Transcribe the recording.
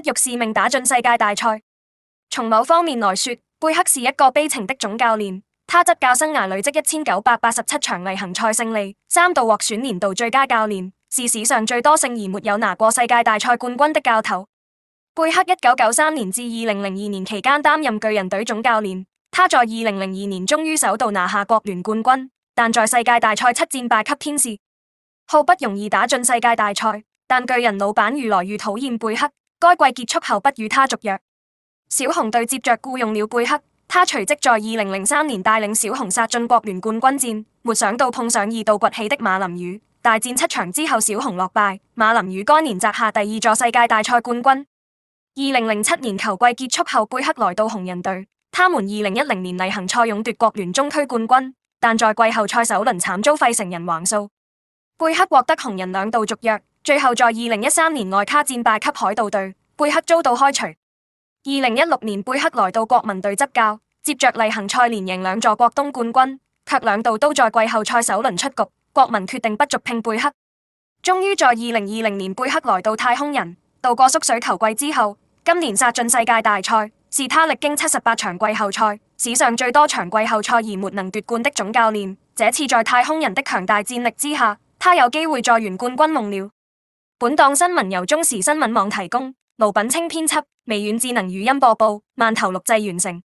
不辱使命打進世界大賽。從某方面來說，貝克是一個悲情的總教練。他執教生涯累積一千九百八十七場例行賽勝利，三度獲選年度最佳教練，是史上最多勝而沒有拿過世界大賽冠軍的教頭。貝克一九九三年至二零零二年期間擔任巨人隊總教練，他在二零零二年終於首度拿下國聯冠軍，但在世界大賽七戰敗給天使，好不容易打進世界大賽，但巨人老闆越來越討厭貝克。該季結束後不與他續約，小熊隊接着雇傭了貝克，他隨即在二零零三年帶領小熊殺進國聯冠軍戰，沒想到碰上二度崛起的馬林魚。大戰七場之後，小熊落敗，馬林魚該年摘下第二座世界大賽冠軍。二零零七年球季結束後，貝克來到紅人隊，他們二零一零年例行賽勇奪國聯中區冠軍，但在季後賽首輪慘遭費城人橫掃，貝克獲得紅人兩度續約。最後在二零一三年外卡戰敗給海盜隊，貝克遭到開除。二零一六年貝克來到國民隊執教，接着例行賽連贏兩座國東冠軍，卻兩度都在季後賽首輪出局。國民決定不續聘貝克，終於在二零二零年貝克來到太空人。度過縮水球季之後，今年殺進世界大賽，是他歷經七十八場季後賽史上最多場季後賽而沒能奪冠的總教練。這次在太空人的強大戰力之下，他有機會再圓冠軍夢了。本檔新聞由中時新聞網提供，盧品清編輯，微軟智能語音播報，萬頭錄製完成。